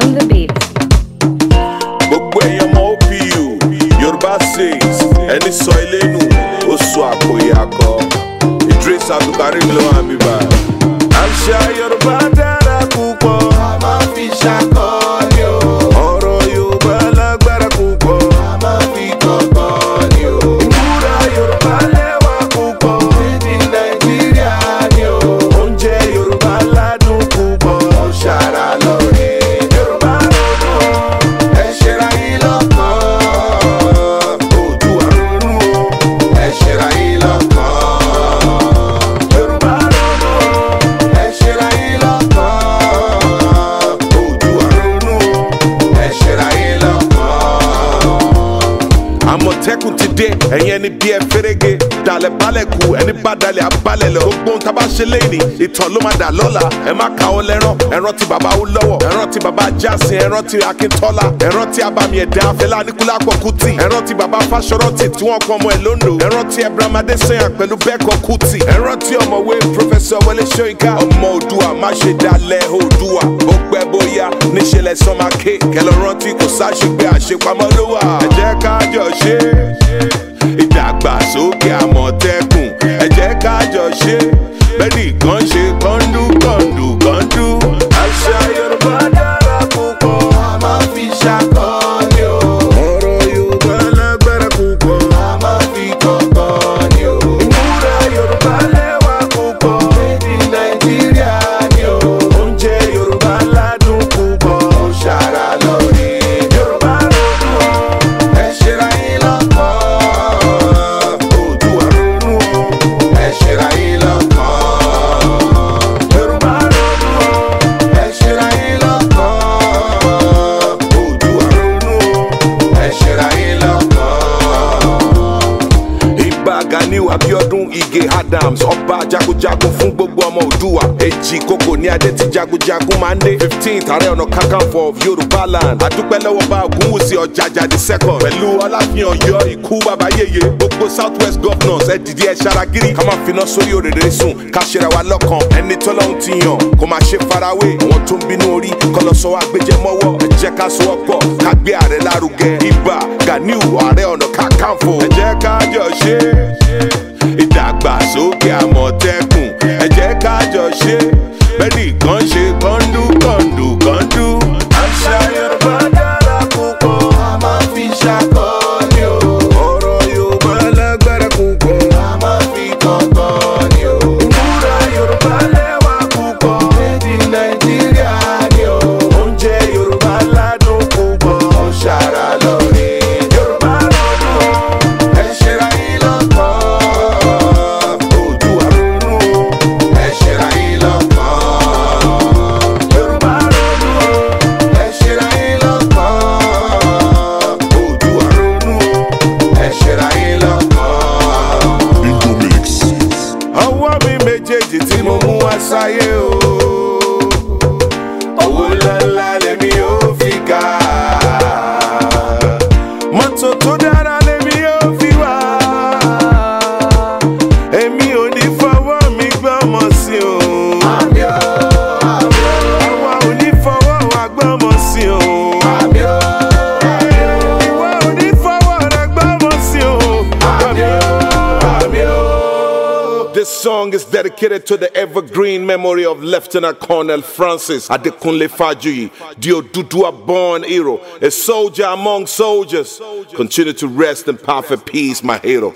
on the beat. gbogbo ẹ̀yàn mọ opu yorùbá says ẹni sọ ilé nù ó sọ àpò ìyàkọ Idris Abdulkarim lọ́wọ́. àmọ̀tẹ́kùn ti dé ẹ̀yẹn ni bí ẹ fẹ́rẹ́gẹ́ dalẹ̀ balẹ̀ kù ẹni bá dalẹ̀ abalẹ̀ lọ gbogbo ohun tábà ṣe lẹ́yìn ìtàn ló máa dà lọ́la ẹ má ka ọ lẹ́rán ẹran ti bàbá ó lọ́wọ́ ẹran ti bàbá jásin ẹran ti akíntọ́lá ẹran ti abami ẹ̀dá afẹ́lá níkúlápọ̀ kùtì ẹran ti bàbá fásọrọ́tì tí wọ́n kọ́ ọmọ ẹ̀ lóńdó ẹran ti ẹ̀bùrọ̀mọ adésanya pẹ̀lú bẹ́ẹ̀kọ́ kùtì ẹran ti ọmọwé pẹ́ bóyá níṣẹ́ lẹ́sàn máa ké kẹlọ rántí kò sáṣepẹ́ àṣepamọ́ ló wà. ẹ jẹ́ ká jọ ṣe ìdàgbàsókè àmọ̀tẹ́kùn ẹ jẹ́ ká jọ ṣe bẹ́ẹ̀ nìkan Laila fún Ige Adams ọba jagunjagun fún gbogbo ọmọ Òdùwà èjì kòkò ní adé tí jagunjagun máa ń dé fifteenth ààrẹ ọ̀nà kakanfò of Yorùbá land àdúpẹ́ lọ́wọ́ bá Ògúnwùsì Ọ̀jájá the second pẹ̀lú Ọláfihàn yọ ikú bàbá yèyé gbogbo south west governors ẹ dìde ẹ ṣaragiri ká máa finá sórí òrèrè sùn ká ṣera wa lọ́kàn ẹni tọ́lọ́hún ti yàn kó máa ṣe farawé àwọn tó ń bínú orí kọlọ́sọ agbẹjẹmọ́wọ́ ẹ jẹ́ ká sọ wọ́pọ̀ ká gbé ààrẹ lárugẹ Ìbà Gàníù ààrẹ ọ̀nà ẹ jẹ́ ká àmọ̀tẹ́kùn ẹ jẹ́ ká jọ ṣe bẹ́ẹ̀ méjèèjì tí mo mú wá sáyé o owó ńláńlá lèmi ó fi ga. song is dedicated to the evergreen memory of Lieutenant Colonel Francis Adekunle Fajui, Diodudua born hero, a soldier among soldiers. Continue to rest in perfect peace, my hero.